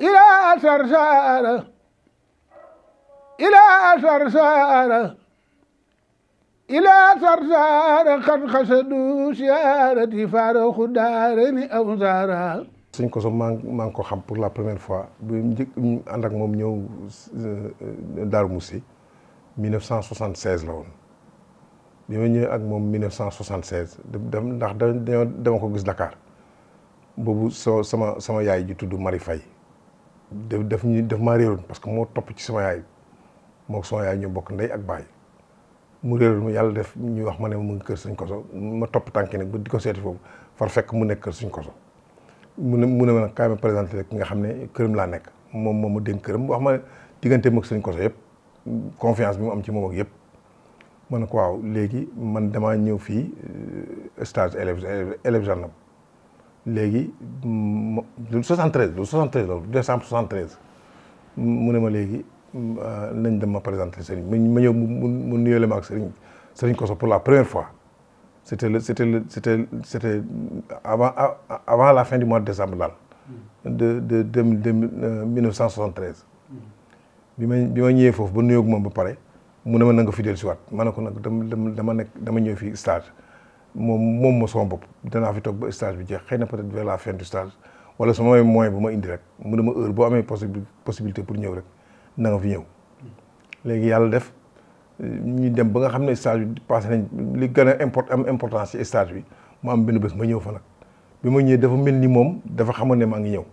إلى سرسارة إلى سرسارة إلى سرسارة قد خسدوا سيارتي فارخ دارني أو زارا sëñ Kosso maa maa ngi ko xam pour la première fois bi njëkk ànd ak moom ñëw euh, euh, Darou Moussi 1976 la woon bi ñëwee ak moom 1976 dem ndax ko gis Dakar boobu soo sama sama yaay ji tudd Marie Faye daf daf ñu daf maa réeroon parce que moo topp ci sama yaay moo sama yaay ñu bokk ndey ak baay mu mu yàlla def ñu wax ma ne mu ngi kër suñ Koso ma topp tànk nag ba di ko seeti foofu far fekk mu nekk kër Sëñ Koso mu ne mu ne ma nag kaay ma présenté rek ki nga xam ne këram laa nekk moom moom ma dénk këram wax ma ne diggante mag Sëñ Koso yëpp confiance bi mu am ci moom ak yëpp ma ne ko waaw léegi man damaa ñëw fii euh, stage élèves élèves gendarme léegi mu 73 loolu 73 la décembre 73 mu ne ma léegi euh, nañ dem ma présenter Serigne ma ñëw mu mu nuyoo ma ak Serigne Serigne Kosso pour la première fois c' était le c' était le c' était c' était avant avant la fin du mois de décembre daal. de de de de 1973. bi ma bi ma ñëwee foofu ba nuyoo ak moom ba pare mu ne ma na nga fi dellusiwaat ma ne ko nag dama dama nekk dama ñëw fii stage. moom moom ma sama bopp danaa fi toog ba stage bi jeex xëy na peut-être la fin du stage wala su ma amee bu ma indi rek mu ne ma heure boo amee possibilité pour ñëw rek na nga fi ñëw léegi yàlla def ñu dem ba nga xam ne stage bi passé nañ li gën a import importance ci stage bi mu am benn bés ma ñëw fa nag bi ma ñëwee dafa mel nii moom dafa xamoon ne maa ngi ñëw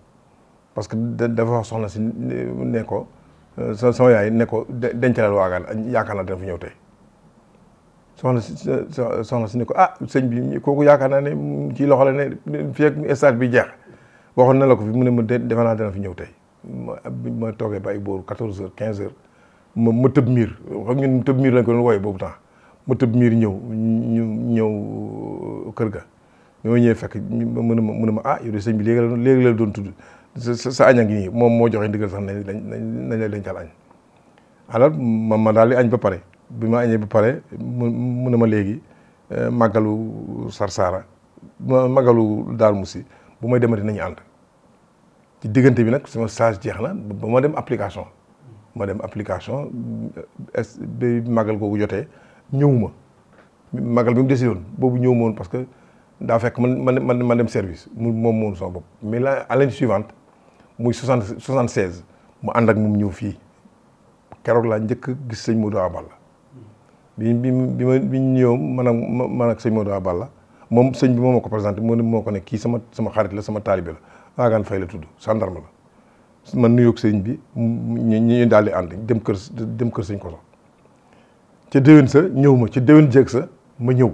parce que dafa soxla si ne ko sama yaay ne ko dencalal waagaan yaakaar naa dana fi ñëw tey soxna si soxna si ne ko ah sëñ bi kooku yaakaar naa ne ci loxo la ne fii ak bi jeex waxoon na la ko fi mu ne ma defe naa dana fi ñëw tey ma ma toogee ba ay booru quatorze heures quinze heures ma ma tëb miir xam ngeen tëb miir lañ ko doon wooye boobu temps ma tëb miir ñëw ñu ñëw euh, kër ga ñoo ñëwee fekk mu ne ma mu ne ma ah yow de sëñ bi léegi la léegi la doon tudd sa sa añ nii moom moo joxe ndigal sax nañ nañ nañ lay dencal añ alors ma ma daal di añ ba pare bi ma añee ba pare mu mu ne ma léegi euh, màggalu Sarsara màggalu Darou Moussi bu may demati nañu ànd ci diggante bi nag sama stage jeex na ba ma dem application ma dem application euh, est bi màggal googu jotee ñëwuma màggal bi mu décidé boobu ñëwuma woon parce que daa fekk man man man dem service mu moom moom sama bopp mais la année suivante muy soixante soixante seize mu ànd ak moom ñëw fii keroog laa njëkk gis sëñ Modou Abal bi bi bi ma bi ñu ñëw maanaam man ak sëñ Modou Aballa moom sëñ bi moom moo ko présenté moo ko ne kii sama sama xarit la sama taalibe la Magane Faye la tudd gendarme la man nuyoog sëñ bi ñu ñu daal di ànd dem kër dem kër sëñ Koso ca déwén sa ñëw ma ci déwén jéeg sa ma ñëw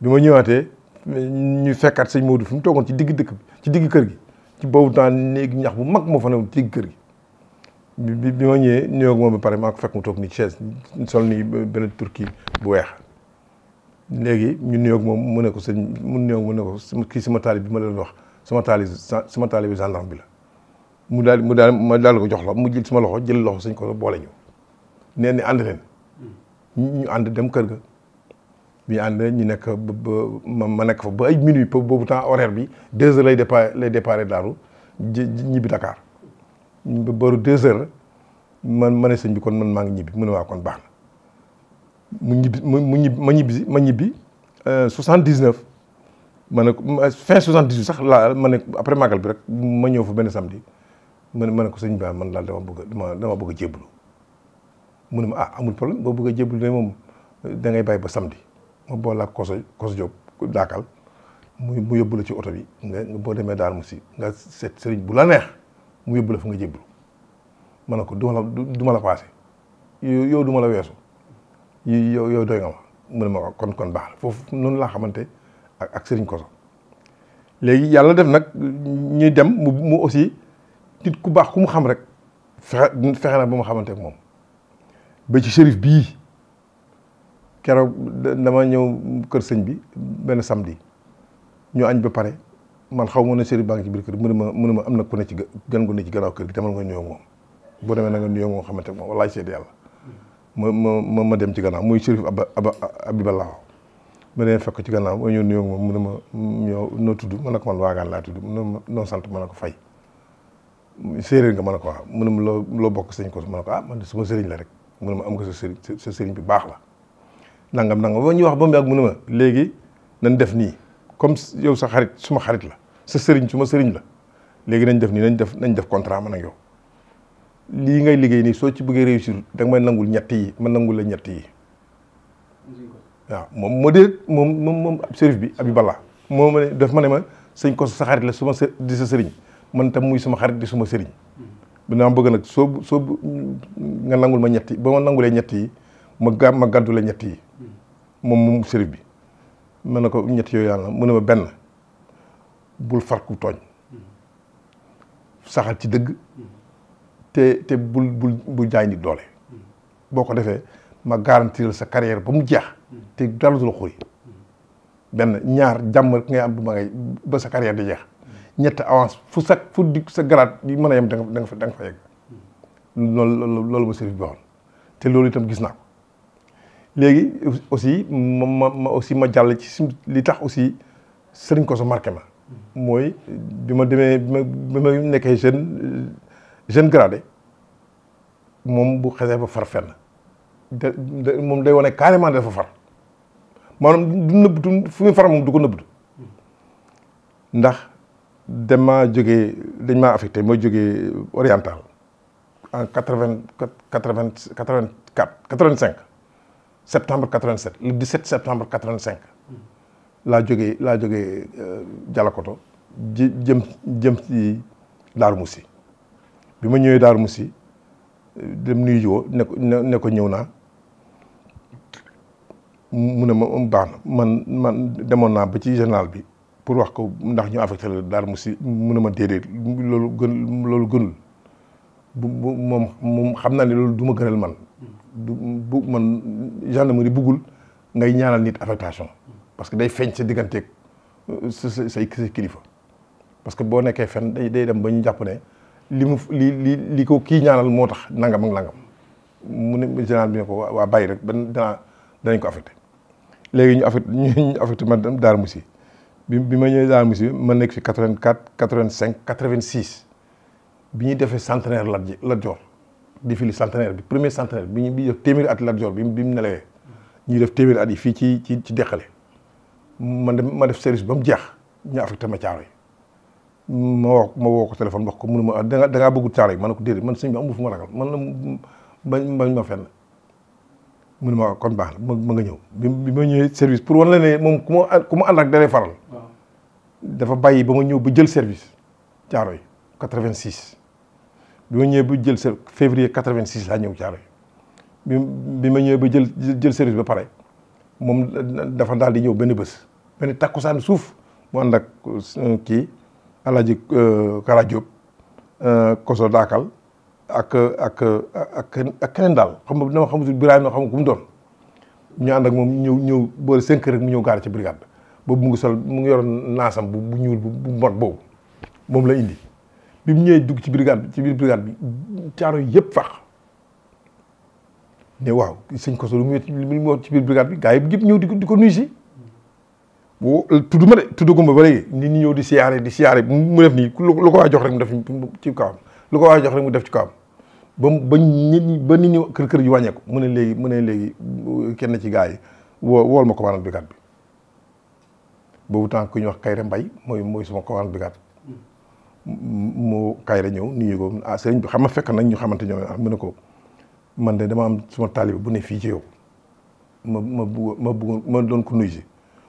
bi ma ñëwaatee ñu fekkaat sëñ Modou fi mu toogoon ci digg dëkk bi ci digg kër gi ci boobu temps néeg ñax bu mag moo fa newoon ci digg kër gi. bi bi ma ñëwee nuyoo moom ba pare maa fekk mu toog ni chaise sol ni benn turki bu weex léegi ñu nuyoo moom mu ne ko sëñ mu nuyoo mu ne ko kii sama taalib bi ma leen wax sama taalib sama taalib bi gendarme bi la mu daal mu daal ma daal jox la mu jël sama loxo jël loxo sëñ ko boole ñu nee ni ànd leen ñu ànd dem kër ga bi ñu ànd ñu nekk ba ma nekk fa ba ay minuit boobu temps horaire bi deux heures lay départ lay départ Daaru ji ñibbi Dakar ba booru deux heures man ma ne sëñ bi kon man maa ngi ñibbi mu ne waa kon baax na mu ñibbi mu ñibbi ma ñibbi ma ñibbi euh, soixante dix neuf ma ne ko fin soixante dix huit sax laa ma ne après màggal bi rek ma ñëw fa benn samedi ma ne ma ne ko sëñ bi ah, man daal dama bëgg dama dama bëgg a jébbalu mu ne ma ah amul problème boo bëgg a jébbalu de moom da ngay bàyyi ba samedi ma boole ak koso koso Diop daakal mu mu yóbbu la ci oto bi nga boo demee daal mu si nga seet sëriñ bu la neex. mu yóbbu la fa nga jéblu ma ne ko du ma la du la paase yow du ma la weesu yow yow doy nga ma mu ne ma kon kon baax na foofu noonu laa xamante ak ak Serigne Koso léegi yàlla def nag ñuy dem mu aussi nit ku baax ku mu xam rek fexe fexe na ba ma xamante ak moom ba ci shérif bii keroog dama ñëw kër sëñ bi benn samedi ñu añ ba pare. man xaw ma ne Serigne baa ngi ci mu ne ma mu ne ma am na ku ne ci gan gu ne ci gannaaw kër gi demal nga nuyoo moom boo demee na nga nuyoo moom xamante moom walaay ma ma ma dem ci gannaaw muy Serigne Aba Aba Abiballah ma demee fekk ci gannaaw ma ñëw nuyoo moom mu ne ma ñoo noo tudd ma ne ko man waagaan laa tudd mu ne sant ma ne ko fay séeréer nga ma ne ko mu loo loo bokk sëñ ko ma ah, man de sama sëriñ la rek mu ma am nga sa sëriñ sa sëriñ bi baax la nangam nangam ba ñu wax ba mu yàgg mu ne ma léegi nan def nii comme yow sa xarit suma xarit la sa sëriñ suma sëriñ la léegi nañ def nii nañ def nañ def contrat man ak yow lii ngay liggéey nii soo ci bëggee réussir da nga may nangul ñett yi ma nangul la ñett yi waaw moom moo dee moom moom moom sërif moo ma ne ma ne ma sëñ ko sa la suma së di sëriñ man muy suma xarit di suma sëriñ dinaa bëgg nag soo soo nga nangul ma ñett yi ma nangulee ñett yi ma ga ma gàddu la ñetti yi moom moom sërif bi mën na ko ñett yooyu yàlla mu ne ma benn bul farku tooñ saxal ci dëgg te te bul bul bul jaay nit doole boo ko defee ma garantir sa carrière ba mu jeex te dalatul xuri benn ñaar jàmm rek ngay am bu ma ba sa carrière di jeex ñett avance fu sa fu di sa grade yi mën a yem da nga fa da nga fa yegg loolu loolu ma service bi te loolu itam gis naa ko léegi aussi ma ma aussi ma jàll ci li tax aussi ko su marqué ma mooy bi ma demee bi ma nekkee jeune jeune gradé moom bu xesee ba far fenn de moom day wane carrément dafa far maanaam du nëbbtu fu muy far moom du ko nëbbtu ndax dama jógee dañ maa affecté mooy jógee oriental en quatre vingt quatre vingt quatre vingt quatre vingt cinq septembre 87 le 17 septembre 85 laa jóge laa jógee euh, Jalakoto ji jëm jëm ci Darou Moussi bi ma ñëwee Darou mussi euh, dem nuyu jiwoo ne ko ne ko ñëw naa mu ne ma um, baax na man man demoon naa ba ci général bi pour wax ko ndax ñu affecté la Darou mu ne ma déedéet loolu gën loolu gënul moom moom xam naa ne loolu duma ma gënal man bu man gendarmerie buggul ngay ñaanal nit affectation parce que day feeñ sa digganteeg sa sa say kilifa parce que boo nekkee fen day day dem ba ñu jàpp ne li mu li li li ko kii ñaanal moo tax nangam ak nangam mu ne général bi ne ko waa bàyyi rek ban danaa danañ ko affecté léegi ñu affecté ñu affecté man Darou Moussi bi bi ma ñëwee daa Moussi ma nekk fi 84 85 86 bi ñuy defee centenaire Lat Joor défilé centenaire bi premier centenaire bi ñu bi def téeméeri at Lat Joor bi bi mu nelawee ñuy def téeméeri at yi fii ci ci ci deqale man de ma def service ba mu jeex ñu affecté ma caaro yi ma woo ma woo ko téléphone ko mu ne ma ah, da dangaa bëggul caaro yi ma ne ko déedéet ma ragal man la bañ bañ ma fenn mu ne ma ah, kon baax na ma nga ñëw bi ma ñëwee service pour wan la ne moom ku ma ku ma ànd ak dalay faral dafa bàyyi ba ma ñëw ba jël service caaro yi 86 bi ma ñëwee bu jël sa février 86 laa ñëw Thiaroye bi bi ma ñëwee ba jël jël service ba pare moom dafa daal di ñëw benn bés benn takkusaan suuf mu ànd ak euh, kii Alaaji euh, Kara Diop euh, Koso Daakal ak ak ak ak keneen daal xam nga dama xamul Birame xam nga ku mu doon ñu ànd ak moom ñëw ñëw boole 5 heures rek mu ñëw gaare ci brigade boobu mu ngi sol mu ngi yoroon naasam bu bu ñuul bu mot boobu moom la indi. bi mu ñëwee dugg ci brigade bi ci biir brigade bi caaro yëpp fax ne waaw sëñ Kosso lu mu wax ci biir brigade bi gars yi yëpp ñëw di ko di ko nuyu si. wo euh, tudd ma de tudd gumba ba léegi nit ñi ñëw di siyaare di siyaare mu def nii lu ko waa jox rek mu def ci kawam lu ko waa jox rek mu def ci kawam ba ba nit ñi ba kër kër yi wàññeeku mu ne léegi mu ne léegi kenn ci gars yi woo wool ma commandant brigade bi boobu temps ku ñuy wax Kayre Mbay mooy mooy suma commandant brigade mu kaay la ñëw nuyu ko ah sëriñ bi xam nga fekk nañ ñu xamante ñoom ah mu ne ko man de dama am suma taalibe bu ne fii ci yow ma ma bëgg ma bugg ma doon ko nuyu si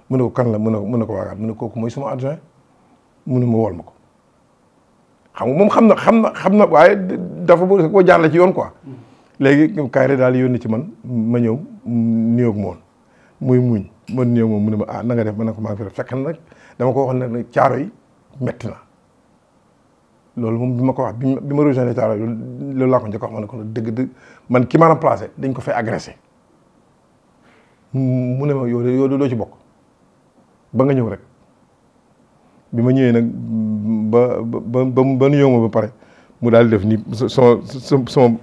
mu ne ko kan la mu ne ko mu ne ko waaw mu ne kooku mooy suma adjoint mu ne ma wol ma ko xam nga moom xam na xam na xam na waaye dafa bëgg koo jaarale ci yoon ko léegi kaay la yoon yónni ci man ma ñëw nuyoo ak muy muñ ma nuyoo moom mu ne ma ah na nga ma ne ko maa ngi fi fekk na dama ko wax ne caaro yi metti na. loolu moom bi ma ko wax bi ma bi ma rejoindre Thiaroye loolu laa ko njëkk a wax ma ne ko dëgg dëgg man ki ma remplacé dañ ko fay agressé mu ne ma yow yow doo ci bokk ba nga ñëw rek bi ma ñëwee nag ba ba ba ba nuyoo ma ba pare mu daal def ni sama sama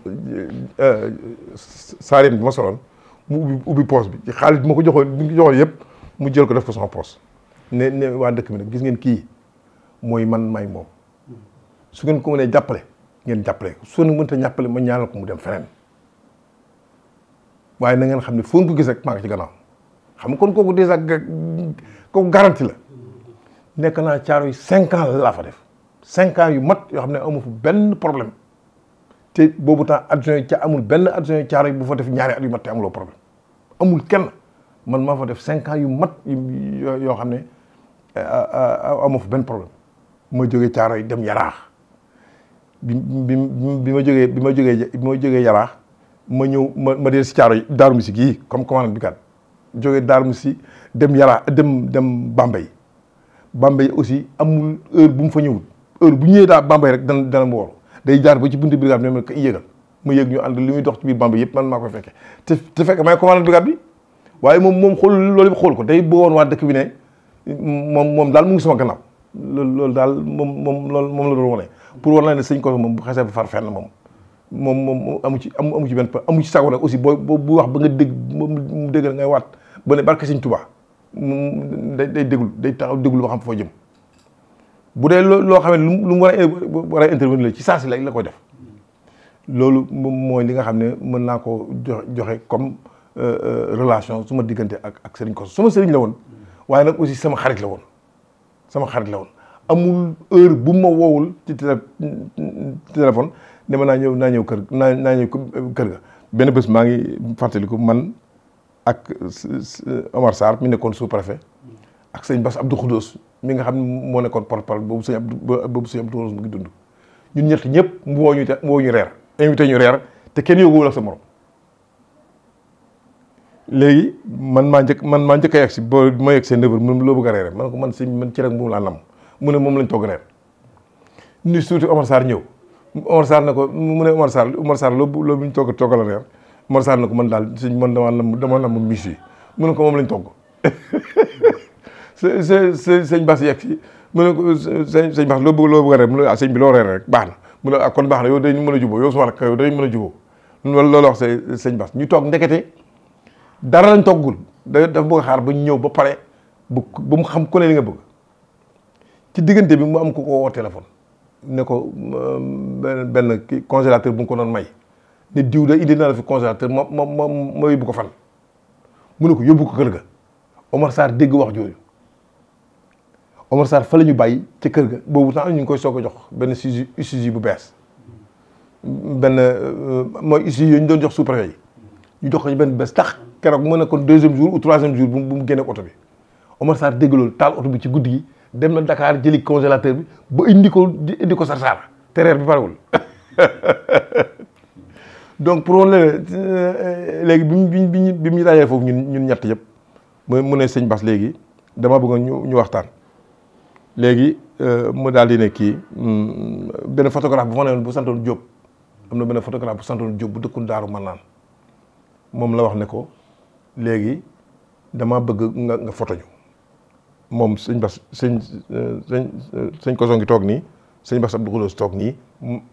saareem bi ma soloon mu ubbi ubbi poos bi ci xaalis bi ma ko joxoon bi ma ko joxoon yëpp mu jël ko def ko sama poos ne ne waa dëkk bi nag gis ngeen kii mooy man may moom. su ngeen ko mënee jàppale ngeen jàppale ko su ngeen mënta jàppale ma ñaanal ko mu dem feneen waaye na ngeen xam ne foo ko gis rek maa ngi ci gannaaw xam nga kon kooku dèjà kooku garantie la nekk naa caaro yu cinq la laa fa def cinq yu mat yoo xam ne amu fa benn problème te boobu temps adjoint yi ca amul benn adjoint yi caaro yi bu fa def ñaari at yu problème amul kenn man maa fa def cinq yu mat yoo xam ne amu fa benn problème ma jóge caaro yi dem yaraax bi bi bi ma jógee bi ma jógee bi ma jógee yaraax ma ñëw ma ma dee si caaro yi daaru musi gii comme commandant bi kat jógee daaru musi dem yaraax dem dem Bambey Bambey aussi amul heure bu mu fa ñëwut heure bu ñëwee daal Bambey rek dana dana mu day jaar ba ci buntu brigade ñoom ko yëgal mu yëg ñu ànd li muy dox ci biir Bambey yëpp man maa koy fekkee te te fekk may commandant brigade bi waaye moom moom xool loolu yëpp xool ko day bëggoon waa dëkk bi ne moom moom daal mu ngi sama gannaaw loolu loolu daal moom loolu moom la doon wane pour war la ne sëñ Koso moom bu xasee ba far fenn moom moom moom amu ci amu ci benn amu ci sago nag aussi boo bu wax ba nga dégg mu déggal ngay waat ba ne barke sëñ Tuubaa day day déglu day taxaw déglu ba xam foo jëm bu dee loo xam ne lu mu war a war a intervenir ci saa si la koy def loolu moom mooy li nga xam ne mën naa ko joxe comme euh, euh, relation su ma diggante ak ak sëriñ su ma sëriñ la woon waaye nag aussi sama xarit la woon sama xarit la woon amul heure bu ma woowul ci téléphone ne ma naa ñëw naa ñëw kër naa naa ñëw kër ga benn bés maa ngi fàttaliku man ak Omar Sarr mi nekkoon sous-préfet ak sëñ bas Abdou Khoudous mi nga xam moo nekkoon porte-parole boobu sëñ Abdou boobu mu ngi dund ñun ñett ñëpp mu ñu te mu woo ñu reer invité ñu reer te kenn yóbbuwul ak sa morom léegi man maa njëkk man maa njëkk a yegg si ba ma yegg seen nëbër mu loo bëgg a reere man ko man si man ci rek moom laa nam mu ne moom lañ togg reer ni suuti Omar Sarr ñëw Omar Sarr ne ko mu ne Omar Sarr Omar Sarr loo loo bu ñu togg toggal a reer Omar Sarr ne ko man daal suñ man damaa nam dama nam miis yi mu ne ko moom lañ togg së së sëñ Bass yegg si mu ne ko sëñ sëñ Bass loo bëgg loo bëgg a reer mu ne ah bi loo reer rek baax na mu ne ah kon baax na yow dañ mën a jubóo yow suma rakk yow dañ mën a jubóo loolu wax sëñ Bass ñu toog ndekete dara lañ toggul da dafa bëgg xaar ba ñëw ba pare bu ba mu xam ku ne li nga bëgg ci diggante bi mu am ku ko woo téléphone ne ko euh, benn benn congélateur bu nga ko doon may ne diw da indi naa la fi congélateur moo ma ma ma yóbbu ko fan mu ne ko yóbbu ko kër ga Omar saar dégg wax jooju Omar Sarr fa la ñu bàyyi ca kër ga boobu temps ñu ngi koy soog a jox benn Isuzu Isuzu bu bees benn euh, mooy Isuzu yi ñu doon jox sous-préfet yi ñu jox ko benn tax keroog mu ne kon deuxième jour jour bu mu génne oto bi Omar Sarr dégg loolu taal oto bi ci guddi gi. dem na ndakaar jëli congélateur bi ba indi ko indi ko Sarsara te bi parewul donc pour woon léegi bi bi bi bi ñu dajee foofu ñun ñun ñett yëpp mu mu ne sëñ Bass léegi dama bëgg ñu ñu waxtaan léegi euh, mu daal di ne kii hmm, benn photographe bu fa newoon bu santoon am na benn photographe bu santoon bu dëkkul Daaru Manaan moom la wax ne ko léegi dama bëgg nga nga photo moom sëñ bas sëñ sëñ sëñ Koso ngi toog nii sëñ Bas Abdou Khoudoss toog nii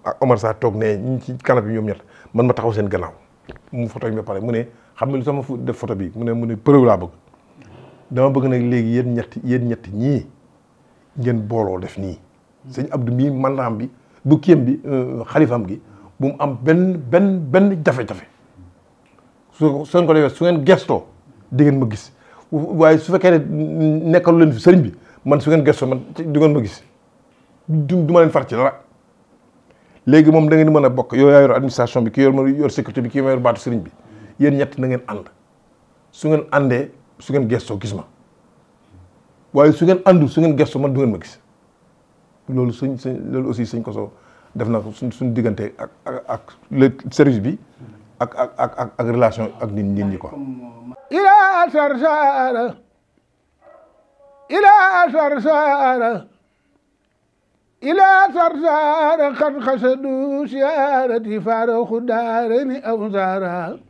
ak Omar Sarr toog nee ñi ci kanam bi ñoom ñett man ma taxaw seen gannaaw mu photo yi ba mu ne xam nga lu sama def photo bi mu ne mu ne preuve laa bëgg dama bëgg nag léegi yéen ñetti yéen ñetti ñii ngeen booloo def nii sëñ Abdou mii mandaam bi bu kiyam bi euh, xalifaam gi bu mu am benn benn benn jafe-jafe su seen ko defee su ngeen gestoo di ngeen ma gis waaye su fekkee ne nekkalu leen fi sëriñ bi man su ngeen gëstoo man du ngeen ma gis du du ma leen far léegi moom da ngeen mën a bokk yow yaa bi ki yor ma yor sécurité bi ki ma yor baatu sëriñ bi yéen ñett na ngeen ànd su ngeen àndee su ngeen gëstoo gis waaye su ngeen àndu su ngeen gëstoo man du ma gis loolu suñ suñ loolu aussi suñ koso def na ko suñ suñ diggante ak ak ak le service bi ak ak ak ak ak relation ak nit nit ñi quoi. ila sarsara ila sarsara ila sarsara xat xasadu siyaarati faara xudaarani aw saara